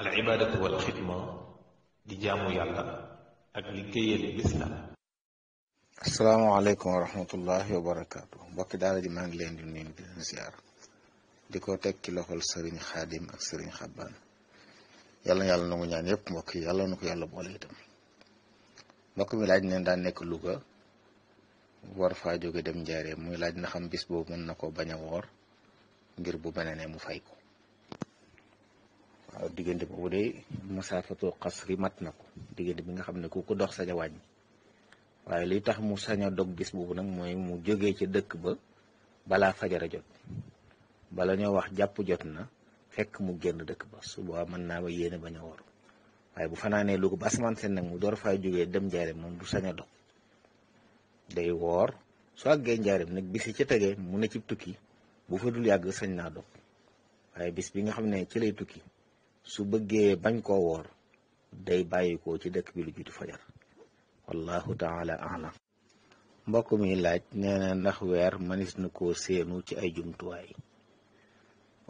العبادة والخدمة دي جامو يالا أكلي الإسلام السلام عليكم ورحمة الله وبركاته بك دارة دي مانجلين دي نين دي نزيار دي كو تكي لخول سرين خادم سرين خبان يالا يالا نمو نيان يب موكي يالا نكو يالا بولي دم موكي ملاج نين دان نيك لغا war faa jóge dem njaaree muy laaj na xam bis boobu mën na ngir bu beneenee mu fay ko waaw diggante boobu de musaafatu xasri mat na ko diggante bi nga xam ne ku ko dox sañ a wàññi waaye li tax mu saña dog bis boobu nag mooy mu jógee ca dëkk ba balaa fajara jot bala ñoo wax jàpp jot na fekk mu génn dëkk ba suba mën naa ba yéene bañ a woor waaye bu fanaanee lu ko ba asamaan seen nag mu door faa jógee dem njaareem moom du sañ dog day woor su àggee njaareem nag bis ca tegee mu ne ci tukki bu fa dul yàgg sañ naa dog waaye bis bi nga xam ne ci lay tukki su bëggee bañ koo woor day bàyyikoo ci dëkk bi lu jiitu fajar wallahu taala alam mbokk mi laaj nee na ndax weer mënis na ko séenu ci ay jumtuwaay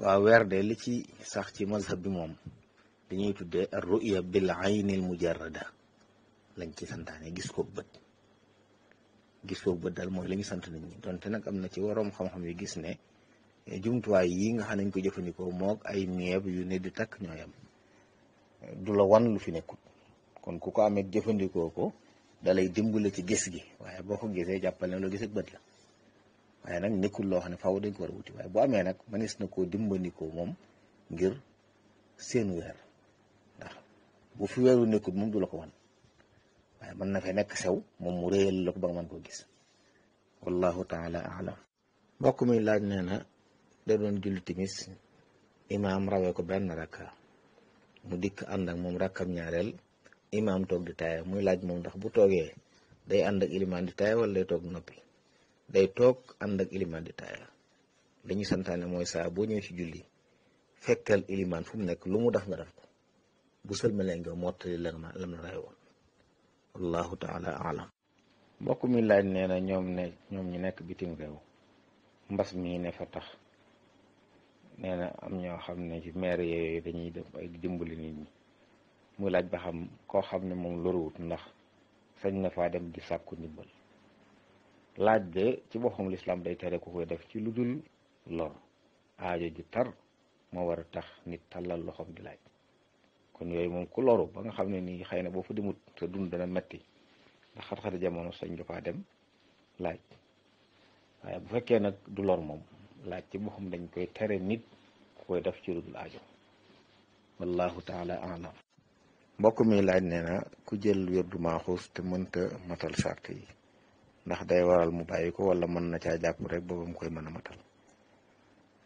waaw weer de li ci sax ci mazhab bi moom dañuy tuddee ar ruya bil aynil mujarrada lañ ci santaane gis ko bët gis ko bët daal mooy la ñu sant nit donte nag am na ci waroom xam-xam yu gis ne Eh, jumtuwaay yii nga xam nañ ko jëfandikoo moog ay neeb yu ne di takk ñoo yem eh, du la wan lu fi nekkut kon ku ko amee jëfandikoo ko da lay dimbale ci gis gi waaye boo ko gisee jàppal na loo gis ak bët la waaye nag nekkul loo xam ne faaw dañ ko war a wuti waaye bu amee nag mënees na koo dimbandikoo moom ngir seen weer ndax bu fi weeru nekkut moom du la ko wan waaye mën na fa nekk sew moom mu réyal la ko ba nga mën koo gis wallahu taala alam mbokk mi laaj nee na da doon julli timis imaam rawee ko benn rakka mu dikk ànd ak moom rakkam ñaareel imaam toog di taaya muy laaj moom ndax bu toogee day ànd ak ilimaan di taaya wala day toog noppi day toog ànd ilimaan di taaya li santaane mooy saa boo ñëwee ci julli fekkal ilimaan fu mu nekk lu mu def nga def ko bu sëlmalee nga mottali lan ma lam na ray woon wallahu taala alam mbokk mi laaj nee ñoom ñoom ñu nekk bitim réew mbas mii fa tax nee na am ñoo xam ne ci maire yooyu dañuy def ay dimbali nit ñi mu laaj ba xam koo xam ne moom loruwut ndax sañ na faa dem di sàkku ndimbal laaj de ci boppam lislaam day tere ku koy def ci lu dul lor aajo ju tar moo war a tax nit tàllal loxoom di laaj kon yooyu moom ku loru ba nga xam ne nii xëy na boo fa demut sa dund dana metti ndax xat-xati jamono sañ nga faa dem laaj waaye bu fekkee nag du lor moom laaj ci boppam dañ koy tere nit ku koy def ci dul aajo wallahu taala alam mbokk mi laaj nee na ku jël wérdu maaxuus te mënta matal sart yi ndax day waral mu bàyyi ko wala mën na caa jàpp rek boobam koy mën a matal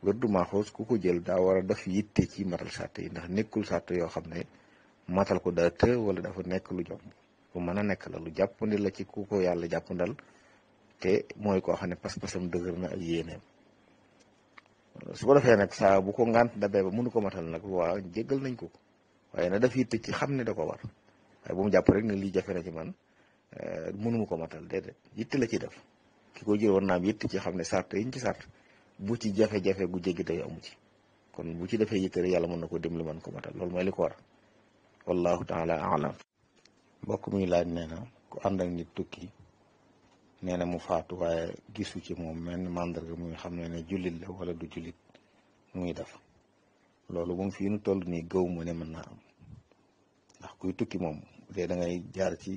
wérdu maaxuus ku ko jël daa war a def yitte ci matal sart yi ndax nekkul sart yoo xam ne matal ko daa të wala dafa nekk lu jomb bu mën a nekk la lu jàppandi la ci ku ko yàlla jàppandal te mooy koo xam ne pas-pasam dëgër na ak yéeneem su ko defee nag saa bu ko ngant dabee ba mënu ko matal nag waa jéggal nañ ko waaye na daf yitte ci xam ne da ko war waaye bu jàpp rek ne li jafe na ci man eh, mënuma ko matal déedéet yitte la ci def ki ko jël war naam am yitte ci xam ne sart yiñ ci sart bu ci jafe-jafe gu jéggi day amu ci kon bu ci defee yitte rek yàlla mën na ko dimbali man ko matal loolu mooy li ko war wallahu taala alam mbokk mi laaj nee na ku ànd ak nit tukki nee na mu faatu waaye gisu ci moom menn màndarga muy xam ne ne jullit la wala du jullit muy def loolu moom fii nu toll nii gëw mu ne mën naa am ndax kuy tukki moom dee da ngay jaar ci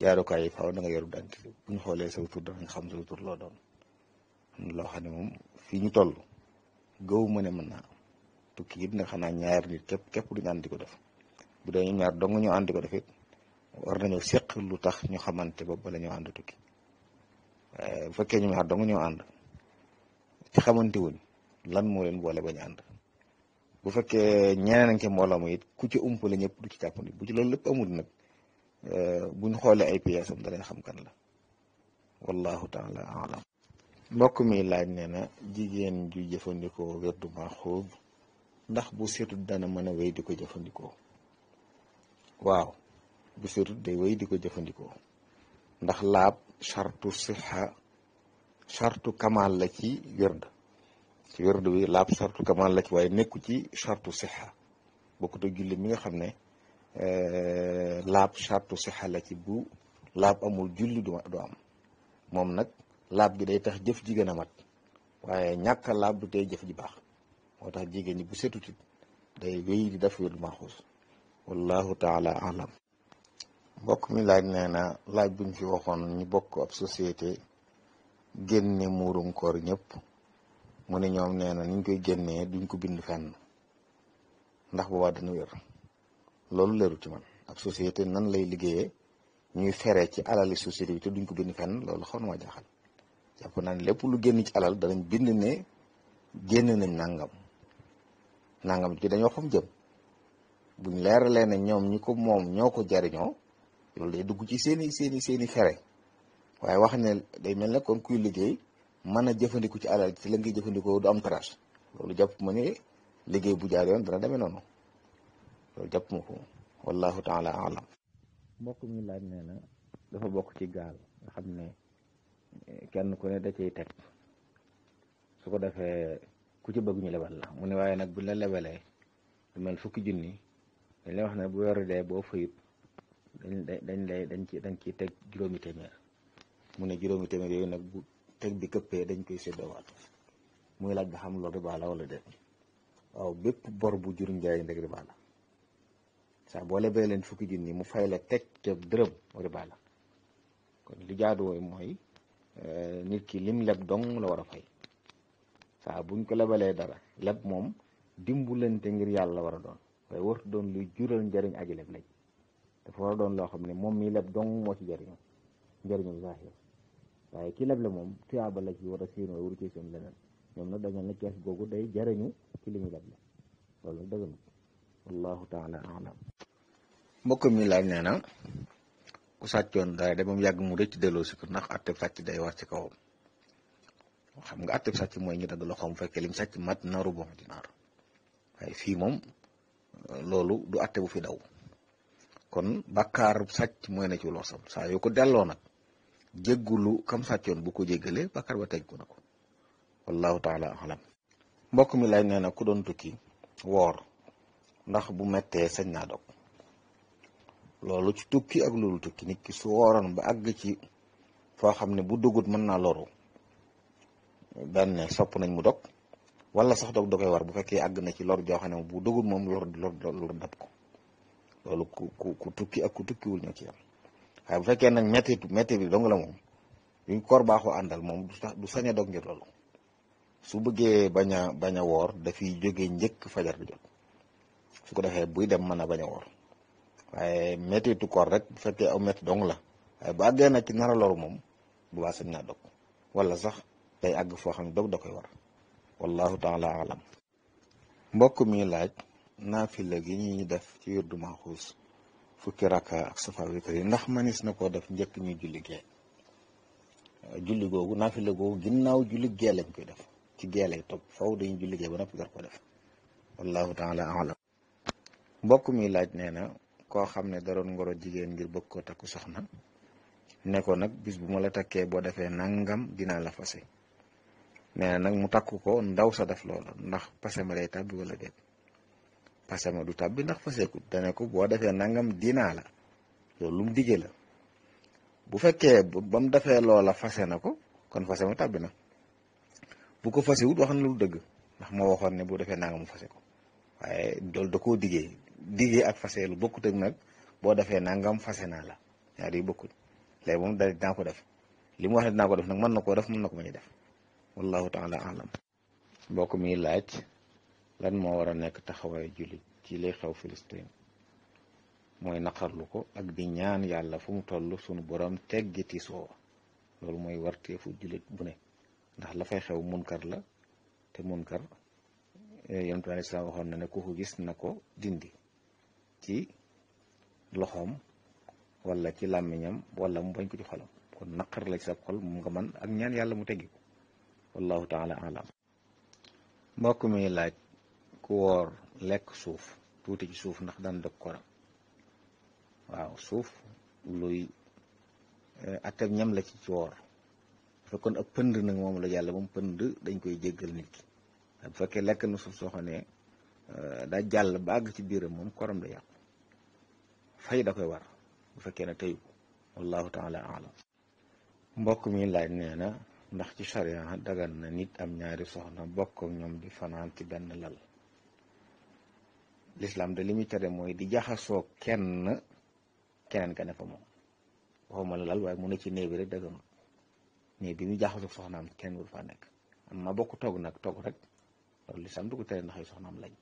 jaarukaay yi faaw da nga yor bu ñu xoolee saw tur danañ xam saw tur loo doon loo xam ne moom fii ñu toll gëw ne mën naa tukki it nga xanaa ñaar nit képp képp duñu di ko def bu dee ñaar dong ñu ànd di ko def it war nañoo seq lu tax ñu xamante ba bala ñoo ànd tukki Eh, bu fekkee ñu ñaar dong ñoo ànd te xamante lan moo leen boole bañ ànd bu fekkee ñeneen nañ ca mbooloo it ku ci umpale ñëpp du ci jàppandi bu ci loolu lépp amul nag eh, buñ xoolee ay pièces am danañ xam kan la wallahu taala alam mbokk mi laaj nee na jigéen ju jëfandikoo werdu maxuub ndax bu seetut dana mën a wéy di ko jëfandikoo waaw bu seetut day wéy di ko jëfandikoo ndax laab shartu sixa shartu kamal la ci yerd ci yerd wi laab shartu kamal la ci waaye nekku ci shartu sixa bokkut do julli mi nga xamne euh laab shartu sixa la ci bu laab amul julli do du am mom nak laab gi day tax jëf ji gëna mat waye ñàkk a laab du tay jëf ji bax motax jigéen ñi bu setutit day weyi di def yu maaxuus wallahu taala alam mbokk mi laaj nee na laaj buñ fi waxoon ñu bokk ab société génne muurum koor ñëpp mu ne ñoom nee na niñ koy génnee duñ ko bind fenn ndax boobaa dina wér loolu leeru ci man ab société nan lay liggéeyee ñuy fere ci alali société bi te duñ ko bind fenn loolu xaw na ma jaaxal jàpp naa lépp lu génn ci alal danañ bind ne génn nañ nangam nangam ci dañoo xam jëm buñ leeralee ne ñoom ñi ko moom ñoo ko jariñoo loolu day dugg ci seeni seeni seeni fere waaye wax ne day mel ne kon kuy liggéey mën a jëfandiku ci alal ci la ngay jëfandikoo du am trace loolu jàpp ma ne liggéey bu jaar yoon dana demee noonu loolu jàpp ko wallahu taala alam mbokk mi laaj nee na dafa bokk ci gaal xam ne eh, kenn ku ne da cay teg su ko defee ku ci bëgg ñu lebal la mu ne waaye nag bu la lebalee lu mel fukki junni dañ lay wax ne bu weeru dee boo fayut dañ dañ lay dañ ci dañ ciy teg juróomi téeméer mu ne juróomi téeméer yooyu nag bu teg bi këppee dañ koy séddoowaat muy laaj ba xam loolu riba wala déet waaw bépp bor bu jur njaay ndeg riba la saa boo lebee leen fukki junni mu fay la teg ca dërëm riba la kon li jaadu mooy eh, nit ki lim leb dong la war fay saa buñ ko lebalee dara leb moom dimbalante ngir yàlla war a doon waaye wartu doon luy jural njëriñ aji leb lañ dafa war doon loo xam ne moom mi leb dong moo ci jëriñu njëriñu zahir waaye ki leb la moom tuyaaba la ci war a séen ci seen leneen ñoom na dañoo ne kees googu day jëriñu ci li ñu la loolu na mbokk mi laaj nee na ku sàccoon daay de moom yàgg mu rëcc delloo si ko ndax atteb sàcc day war ci kawam xam nga atteb sàcc mooy ñu dagg loxoom fekkee lim sàcc mat na rubu dinaar waaye fii moom loolu du atte fi daw kon bàkkaaru sàcc mooy na ci loosam saa yoo ko delloo nag jéggulu kam sàccoon bu ko jéggalee bàkkaar ba teg ko na ko wallahu taala alam mbokk mi lay nee na ku doon tukki woor ndax bu mettee sañ naa dog loolu ci tukki ak loolu tukki nit ki su wooroon ba àgg ci foo xam ne bu dugut mën naa loru benn sopp nañ mu dog wala sax dog da war bu fekkee àgg na ci lor joo xam ne bu dugut moom lor lor dab ko lolu ku ku tukki ak ku wul ñu ci yam ay bu fekke nak metti metti bi dong la mom yuñ koor baaxoo andal mom du sax du a dog ngir lolu su bëgge baña baña wor da fi dafiy ñeek fajar bi jot su ko defé buy dem mëna baña wor waye metti tu méttitu koor rek bu fekke aw metti dong la ay ba àggee na ci nara lolu mom bu ba sañ na dog wala sax day ag fo xam dog da koy war wallahu taala alam mbokk mi laaj naafila gi ñu def ci wirdu maxuus fukki rakka ak safa witr yi ndax manis na koo def njëkk ñuy julli gee euh, julli googu naafila googu ginnaaw julli gee lañ koy def ci gee lay topp faw dañuy julli gee ba noppi gar ko def wallahu taala alam mbokk mi laaj nee na koo xam ne daroon ngoro jigéen ngir bëgg koo takku soxna ne ko nag bis bu ma la takkee boo defee nangam dinaa la fase nee na nag mu takku ko ndaw sa def loola ndax pase ma day tàbbi wala déet parce que du tàbbi ndax faseekut dane ko boo defee nangam dinaa la loolu lu la bu fekkee ba mu defee loola fase na ko kon fase ma tàbbi na bu ko fasewut wax na lu dëgg ndax moo waxoon ne bu defee nangam mu ko waaye loolu da koo diggee diggee ak fase lu bokkut ak nag boo defee nangam fase naa la ñaar yi bokkut léegi moom da def li mu wax ne dinaa ko def nag mën na koo def mën na ko may def wallahu taala alam mbokk mi laaj lan moo war a nekk taxawaayu jullit ci lay xew Filistin mooy naqarlu ko ak di ñaan yàlla fu mu toll sunu borom teggi tiisoo loolu mooy warteefu jullit bu ne ndax la fay xew munkar la te munkar eh, yonent bi aleyhi waxoon na ne ku ko gis na ko dindi ci loxoom wala ci làmmiñam wala mu bañ ko ci xolam kon naqar la ci xol mu nga man ak ñaan yàlla mu teggi ko wallahu taala alam ku woor lekk suuf tuuti ci suuf ndax daan dog koram waaw suuf luy eh, attab ñam la ci ci woor fekkoon ak pënd moom la yàlla moom pënd dañ koy jéggal nit bu fekkee lekk na suuf soo ne eh, daa jàll ba ci biiram moom koram da yàqu fay da koy war bu fekkee ne tey ko wallahu taala alam mbokk mi laaj nee na ndax ci charia dagan na nit am ñaari soxna bokk ñoom di fanaan ci benn lal l'islam de li muy tere mooy di jaxasoo kenn keneen ka ne fa moom waxuma la lal waaye mu ne ci néeg rek dëgg néeg bi ñu jaxasoo soxnaam kenn wul faa nekk ma bokk toog nag toog rek loolu l'islam du ko tere ndax yu soxnaam lañ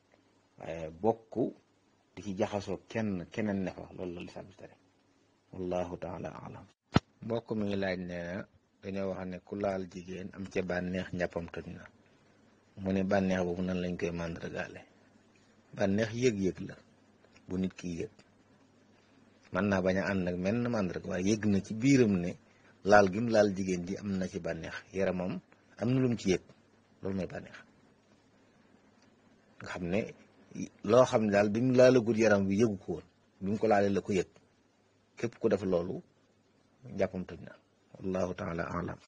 waaye bokk di ci jaxasoo kenn keneen ne fa loolu la l'islam di tere wallahu taala alam mbokk mi ngi laaj nee na dañoo wax ne ku laal jigéen am ca bànneex njàppam toj na mu ne bànneex boobu nan lañ koy màndargaale bànneex yëg-yëg la bu nit ki yëg mën naa bañ a ànd nag mel na màndarga waaye yëg na ci biiram ne laal gim laal jigéen ji am na ci bànneex yaramam am na lu ci yëg loolu mooy bànneex nga xam ne loo xam ne daal bi mu laalagul yaram bi yëgu ko woon bi ko laalee la ko yëg képp ku def loolu njàppam toj na wallahu taala alam